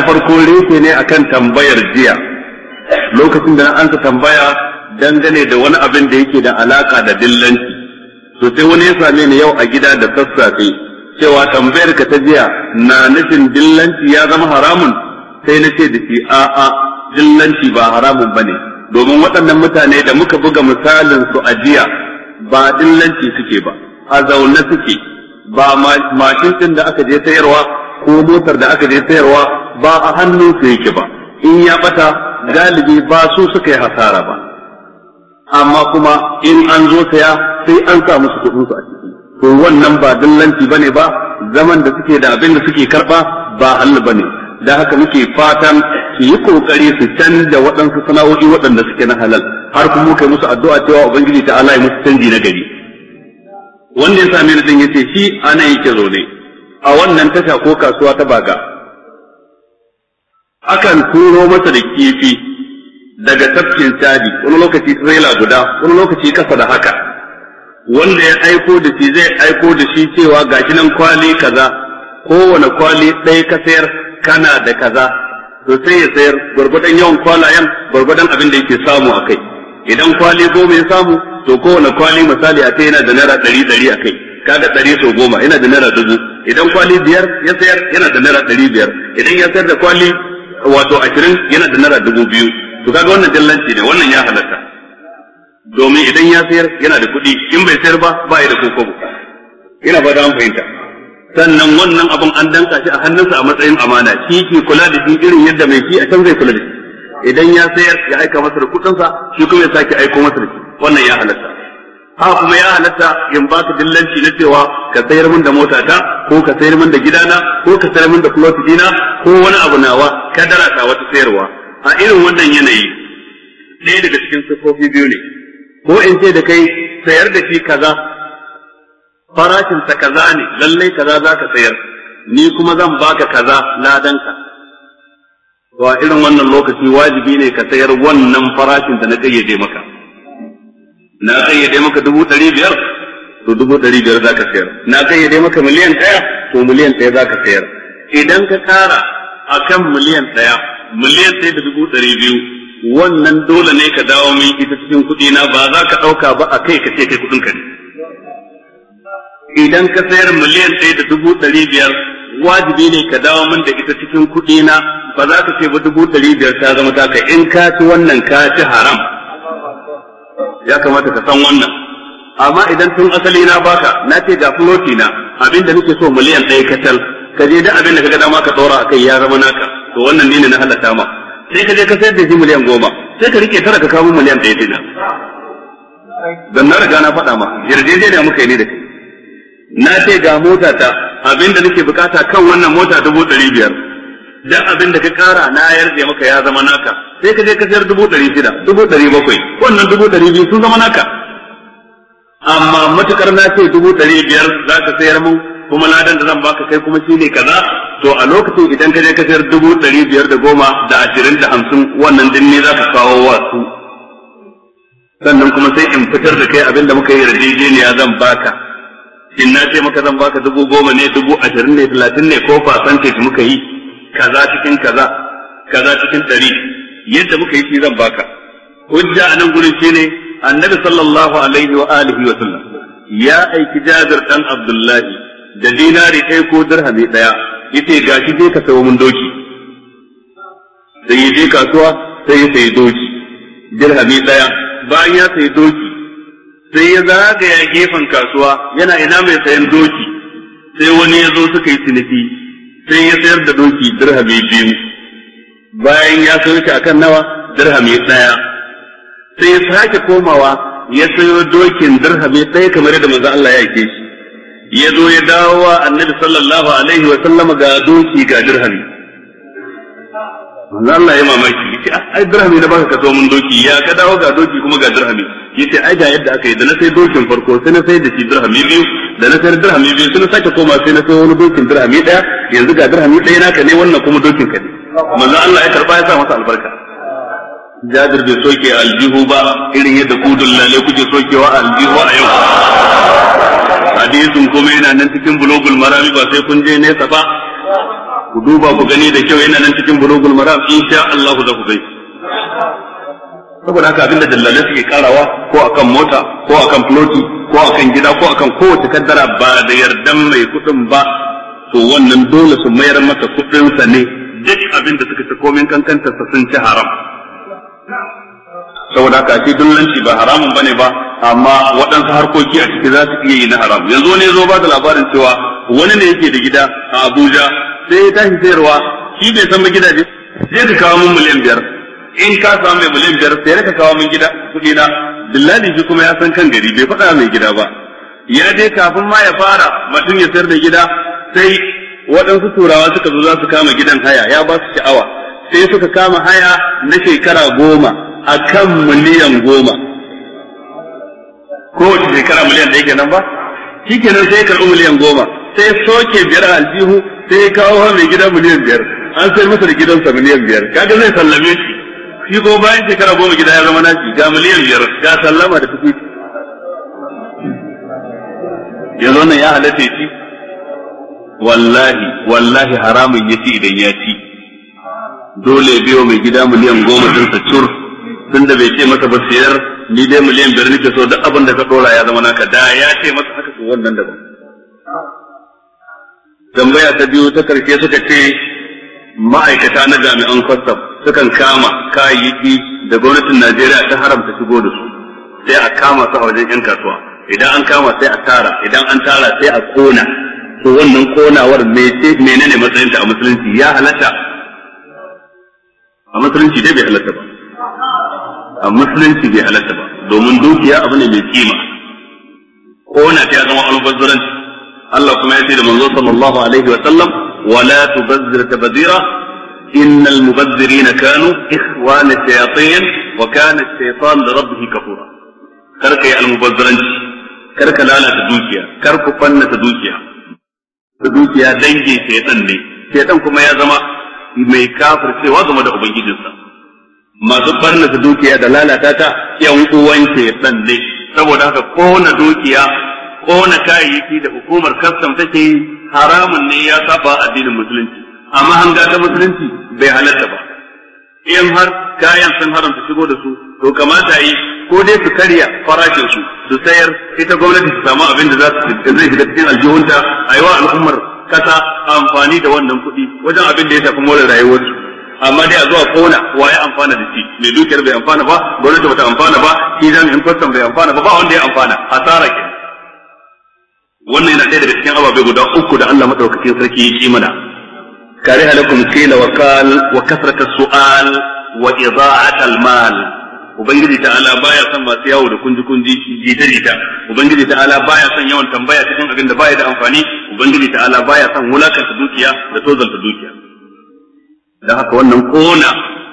ta farko reshe ne akan tambayar jiya lokacin da na ansa tambaya dangane da wani abin da yake da alaka da dillanci to sai wani ya same ni yau a gida da sassafe cewa tambayar ka ta jiya na nufin dillanci ya zama haramun sai na ce da shi a'a dillanci ba haramun bane domin waɗannan mutane da muka buga misalin su a jiya ba dillanci suke ba a zaune suke ba mashin din da aka je sayarwa ko motar da aka je sayarwa ba a hannun su yake ba in ya bata galibi ba su suka yi hasara ba amma kuma in an zo saya sai an sa musu kuɗin su a ciki to wannan ba dillanci bane ba zaman da suke da abin da suke karba ba halal bane da haka muke fatan su yi kokari su canza waɗansu sana'o'i waɗanda suke na halal har kuma muka musu addu'a cewa ubangiji ta Allah ya musu canji na gari wanda ya same ni din yace shi ana yake zo ne a wannan tasha ko kasuwa ta baga akan turo masa da kifi daga tafkin sadi wani lokaci trailer guda wani lokaci kasa da haka wanda ya aiko da shi zai aiko da shi cewa gashi nan kwali kaza kowane kwali ɗaya ka sayar kana da kaza to sai ya sayar gwargwadon yawan kwalayen gwargwadon abin da yake samu a kai idan kwali goma ya samu to kowane kwali misali a kai yana da naira ɗari ɗari a kai kaga ɗari sau goma yana da naira dubu idan kwali biyar ya sayar yana da naira ɗari biyar idan ya sayar da kwali wato ashirin yana da naira dubu biyu to kaga wannan dillanci ne wannan ya halatta domin idan ya sayar yana da kuɗi in bai sayar ba ba ya da kokobo ina fata an fahimta sannan wannan abin an danka shi a hannunsa a matsayin amana shi ke kula da shi irin yadda mai shi a can zai kula da shi idan ya sayar ya aika masa da kuɗinsa shi kuma ya sake aiko masa da shi wannan ya halatta ha kuma ya halatta in ba ka dillanci na cewa ka sayar min da motata ko ka sayar min da gidana ko ka sayar min da plot dina ko wani abu nawa kadara ta wata sayarwa a irin wannan yanayi ɗaya daga cikin sufofi biyu ne ko in ce da kai sayar da shi kaza Farashinsa kaza ne lallai kaza za ka sayar ni kuma zan baka kaza ladanka to a irin wannan lokaci wajibi ne ka sayar wannan farashin da na kayyade maka na kayyade maka dubu ɗari biyar to dubu ɗari biyar za ka sayar na kayyade maka miliyan ɗaya to miliyan ɗaya za ka sayar idan ka tara a kan miliyan ɗaya miliyan ɗaya da dubu ɗari biyu wannan dole ne ka dawo min ita cikin kuɗi na ba za ka ɗauka ba a kai ka ce kai kuɗin ka ne idan ka sayar miliyan ɗaya da dubu ɗari biyar wajibi ne ka dawo min da ita cikin kuɗi na ba za ka ce ba dubu ɗari biyar ta zama taka in ka ci wannan ka ci haram ya kamata ka san wannan amma idan tun asali na baka na ce ga floti na abinda nake so miliyan ɗaya kacal ka je da abin da ga dama ka ɗora akai ya zama naka to wannan ne na halatta ma sai ka je ka sayar da shi miliyan goma sai ka rike tara ka kawo miliyan ɗaya dina dan na riga na faɗa ma yarjejeniya muka yi ne da kai na ce ga mota ta abinda nake bukata kan wannan mota dubu ɗari biyar dan abin da ka kara na yarje maka ya zama naka sai ka je ka sayar dubu ɗari shida dubu ɗari bakwai wannan dubu ɗari biyu sun zama naka amma matukar na ce dubu ɗari biyar za ka sayar mun kuma ladan da zan baka kai kuma shine kaza to a lokacin idan ka je ka sayar dubu ɗari biyar da goma da ashirin da hamsin wannan din ne za ka kawo wa su sannan kuma sai in fitar da kai abin da muka yi yarjejeniya zan baka in na ce maka zan baka dubu goma ne dubu ashirin ne talatin ne ko fasanteji muka yi kaza cikin kaza kaza cikin ɗari yadda muka yi shi zan baka hujja a nan gurin ne. annabi sallallahu alaihi wa alihi wa sallam ya aiki Jabir dan Abdullahi da dinari ɗaya ko dirhami ɗaya yace gashi je ka sayo mun doki sai ya je kasuwa sai ya sayi doki dirhami ɗaya bayan ya sayi doki sai ya zagaya gefen kasuwa yana ina mai sayan doki sai wani ya zo suka yi ciniki sai ya sayar da doki dirhami biyu bayan ya sayo shi akan nawa dirhami ɗaya sai ya sake komawa ya sayo dokin dirhami ɗaya kamar yadda manzo Allah ya yake shi ya zo ya dawo wa annabi sallallahu alaihi wa sallama ga doki ga dirhami manzo Allah ya mamaki yace ah, ai dirhami na baka kaso mun doki ya ka dawo ga doki kuma ga dirhami yace ai ga yadda aka yi da na sai dokin farko sai na sai da shi dirhami biyu da na sai dirhami biyu sai na sake koma sai na sai wani dokin dirhami daya yanzu ga dirhami daya naka ne wannan kuma dokin ka ne manzo Allah ya karba ya sa masa albarka Jabir bai soke aljihu ba irin yadda kudun lale kuke sokewa aljihu a yau hadisin kuma yana nan cikin bulogul marami ba sai kun je nesa ba ku duba ku gani da kyau yana nan cikin bulugul maram insha Allah za ku gani saboda haka abinda dalilai suke karawa ko akan mota ko akan floti ko akan gida ko akan kowace kaddara ba da yardan mai kudin ba to wannan dole su mayar masa kudin sa ne duk abinda suka ci komin kankanta sa sun ci haram saboda haka shi dullanci ba haramun bane ba amma waɗansu harkoki a ciki za su iya yi na haram yanzu ne zo ba da labarin cewa wani ne yake da gida a Abuja sai ya tashi sayarwa shi bai san gidaje sai ka kawo min miliyan biyar in ka samu mai miliyan biyar sai ka kawo min gida kuɗi na dillali shi kuma ya san kan gari bai faɗa mai gida ba ya dai kafin ma ya fara mutum ya sayar da gida sai waɗansu turawa suka zo za su kama gidan haya ya ba su sha'awa sai suka kama haya na shekara goma a kan miliyan goma kowace shekara miliyan ɗaya kenan ba shi kenan sai ya karɓi miliyan goma sai soke biyar aljihu sai ya kawo wa mai gida miliyan biyar an sai masa da gidansa miliyan biyar kaga zai sallame shi shi ko bayan shekara goma gida ya zama nashi ga miliyan biyar ga sallama da ya yanzu nan ya halatta shi wallahi wallahi haramun ya ci idan ya ci dole ya biyo mai gida miliyan goma din sa cur tun da bai ce masa ba siyar ni dai miliyan biyar nake so duk abin da ka dora ya zama naka da ya ce masa haka to wannan daban tambaya ta biyu ta karshe suka ce ma'aikata na jami'an kwastam sukan kama kayayyaki da gwamnatin Najeriya ta haramta shigo da su sai a kama su a wajen 'yan kasuwa idan an kama sai a tara idan an tara sai a kona to wannan konawar menene matsayinta a musulunci ya halatta a musulunci dai bai halatta ba a musulunci bai halatta ba domin dukiya abu ne mai kima kona ta zama albazuranci Allah kuma ya ce da manzo sallallahu alaihi wa sallam wala tubazzir tabdira innal mubazzirina kanu ikhwana shayatin wa kana ash-shaytan li rabbih kafura kar kai almubazziranci kar ka lalata dukiya kar ku fannata dukiya dukiya dangin shaytan ne shaytan kuma ya zama mai kafir cewa game da ubangijinsa masu barnata dukiya da lalata ta yan uwan shaytan ne saboda haka kona dukiya kona kayayyaki da hukumar kastam take yi haramun ne ya saba addinin musulunci amma hanga ta musulunci bai halarta ba in har kayan sun haramta shigo da su to kamata yi ko dai su karya farashin su su sayar ita gwamnati su samu abin da za su zai shiga cikin aljihunta a yi al'ummar kasa amfani da wannan kuɗi wajen abin da ya shafi more rayuwarsu amma dai a zuwa kona waye amfana da shi mai dukiyar bai amfana ba gwamnati bata amfana ba shi jami'in kwastam bai amfana ba ba wanda ya amfana asara kenan wannan yana ɗaya daga cikin ababe guda uku da Allah madaukakin sarki ya ki mana kare halakum kila wa kal wa kasrata su'al wa ida'at al mal ubangiji ta'ala baya son masu yawo da kunji kunji jita jita ubangiji ta'ala baya son yawan tambaya cikin abin da baya da amfani ubangiji ta'ala baya son wulakanta dukiya da tozalta dukiya Da haka wannan kona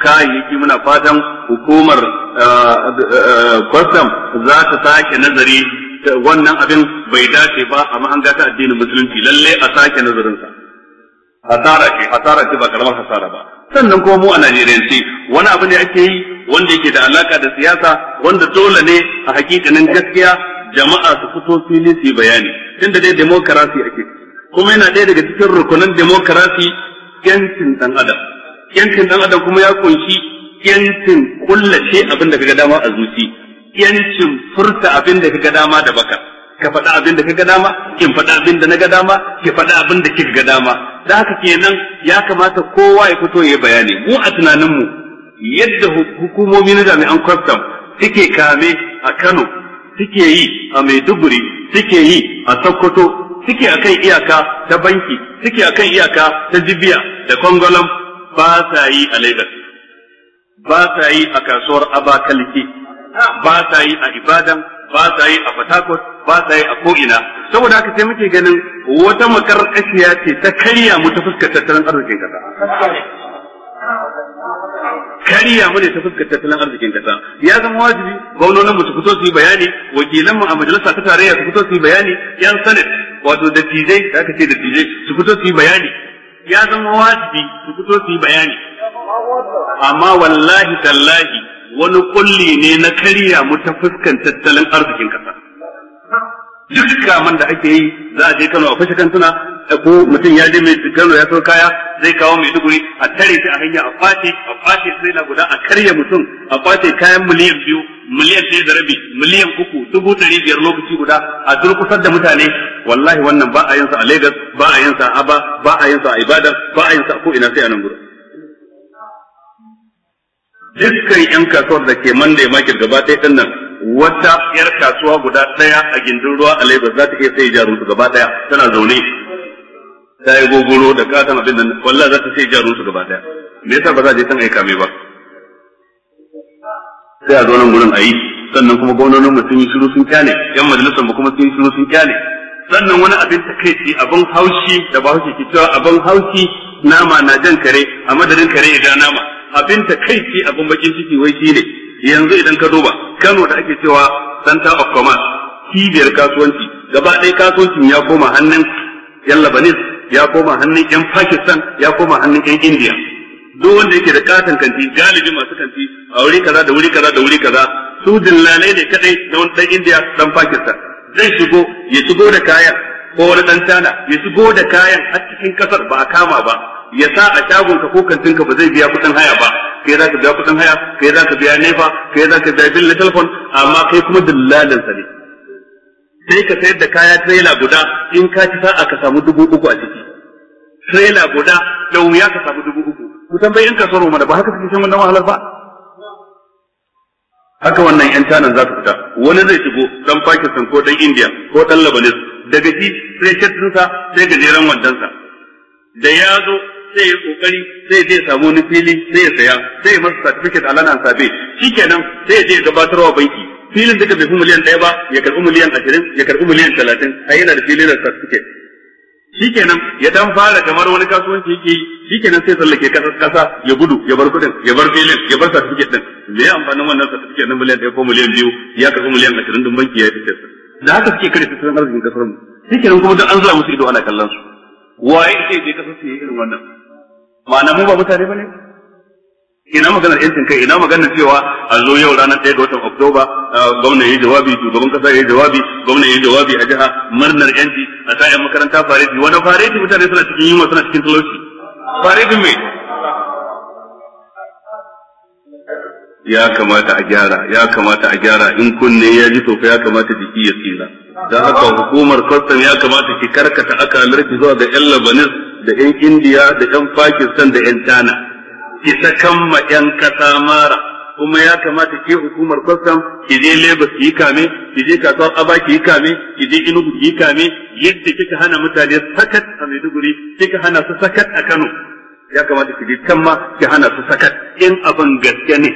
kayayyaki muna fatan hukumar ah, ah, ah, kwastam za ta sake nazari wannan abin bai dace ba a an ta addinin musulunci lalle a sake nazarin sa hasara ce hasara ce ba karamar hasara ba sannan kuma mu a Najeriya wani abu ne ake yi wanda yake da alaka da siyasa wanda dole ne a hakikanin gaskiya jama'a su fito fili su bayani tunda dai demokarasi ake kuma yana ɗaya daga cikin rukunin demokarasi yancin dan adam yancin dan adam kuma ya kunshi yancin kullace abin da kaga dama a zuci yancin furta abin da kaga dama da baka ka faɗa abin da kaga dama kin faɗa abin da naga dama ki faɗa abin da kika ga dama da haka kenan ya kamata kowa ya fito ya bayani mu a tunanin mu yadda hukumomi na jami'an kwastam suke kame a Kano suke yi a Maiduguri suke yi a Sokoto suke akan iyaka ta banki suke akan iyaka ta Jibiya da Kongolam ba sa yi a Lagos ba sa yi a kasuwar Abakaliki ba sa yi a ibadan ba sa yi a fatakot ba sa yi a ko'ina saboda haka sai muke ganin wata makarkashiya ce ta karya mu ta fuskar tattalin arzikin kasa kariya mu ne ta fuskar tattalin arzikin kasa ya zama wajibi gwamnonin mu su fito su yi bayani wakilan mu a majalisa ta tarayya su fito su yi bayani yan sanin, wato da tijai da aka ce da tijai su fito su yi bayani ya zama wajibi su fito su yi bayani amma wallahi tallahi wani kulli ne na kariya mu ta fuskan tattalin arzikin kasa duk kaman da ake yi za a je Kano a fashe kantuna ko mutum ya je mai Kano ya sau kaya zai kawo mai duguri a tare shi a hanya a kwace a fashe sai na guda a karya mutum a kwace kayan miliyan biyu miliyan ɗaya da rabi miliyan uku dubu ɗari biyar lokaci guda a durkusar da mutane wallahi wannan ba a yin sa a Lagos ba a yin sa a Aba ba a yin sa a Ibadan ba a yin sa a ko ina sai a nan gurin dukkan yan kasuwar da ke Monday market gaba ɗaya ɗin nan wata yar kasuwa guda ɗaya a gindin ruwa a Lagos za ta iya sai jarun su gaba ɗaya tana zaune ta yi gogoro da katon abin nan wallah za ta sai jarun su gaba ɗaya me yasa ba za a je san aika mai ba sai a zo nan gurin a yi sannan kuma gwamnonin mu sun yi shiru sun kyale yan majalisar mu kuma sun yi shiru sun kyale sannan wani abin ta ci abin haushi da ba haushi ke cewa abin haushi nama na jan kare a madadin kare ya ja nama abin ta kai ce abin bakin ciki wai shi ne yanzu idan ka duba Kano da ake cewa center of commerce cibiyar kasuwanci gaba ɗaya kasuwancin ya koma hannun yan Lebanese ya koma hannun yan Pakistan ya koma hannun yan India duk wanda yake da katon kanti galibi masu kanti a wuri kaza da wuri kaza da wuri kaza su dillalai ne kadai na wani dan India dan Pakistan zai shigo ya shigo da kayan ko wani dan tana, ya shigo da kayan a cikin kasar ba a kama ba ya sa a shagon ka ko kantin ka ba zai biya kudin haya ba kai za ka biya kudin haya kai za ka biya nefa kai za ka biya bil na telefon amma kai kuma dillalin sa ne sai ka sayar da kaya trailer guda in ka ci sa'a ka samu dubu uku a ciki trailer guda da wuya ka samu dubu uku kusan bai in ka soro mana ba haka suke shan wannan wahalar ba haka wannan yan tanan za su fita wani zai shigo dan Pakistan ko dan India ko dan Lebanon daga shi sai shirtinsa sai gajeren wandansa da ya zo sai ya kokari sai zai samu wani fili sai ya saya sai ya masa certificate a lanan sabe shikenan sai ya je ya wa banki filin duka bai fi miliyan ɗaya ba ya karɓi miliyan ashirin ya karɓi miliyan talatin a yana da filin da certificate shikenan ya dan fara kamar wani kasuwanci yake yi shikenan sai sallake kasar kasa ya gudu ya bar kudin ya bar filin ya bar certificate din me ya amfani wannan certificate na miliyan ɗaya ko miliyan biyu ya karɓi miliyan ashirin din banki ya yi fitar da haka suke kare tattalin arzikin kasar mu shikenan kuma duk an zuwa musu ido ana kallon su waye sai je kasar su yi irin wannan ma'ana mu ba mutane bane ina maganar yancin kai ina maganar cewa a zo yau ranar ɗaya ga watan oktoba gwamna ya yi jawabi shugaban kasa ya yi jawabi gwamna ya yi jawabi a jiha murnar yanci a sa yan makaranta fareti wani fareti mutane suna cikin yunwa suna cikin talauci fareti mai ya kamata a gyara ya kamata a gyara in kunne ya ji to ya kamata jiki ya tsira da haka hukumar kwastam ya kamata ki karkata akalarki zuwa ga yan labanis da yan indiya da yan pakistan da yan tana isa kan ma yan kasa mara kuma ya kamata ke hukumar kwastam ki je lagos ki yi kame ki je kasuwar aba ki yi kame ki je inugu ki yi kame yadda kika hana mutane sakat a maiduguri kika hana su sakat a kano ya kamata ki je can ki hana su sakat in abin gaske ne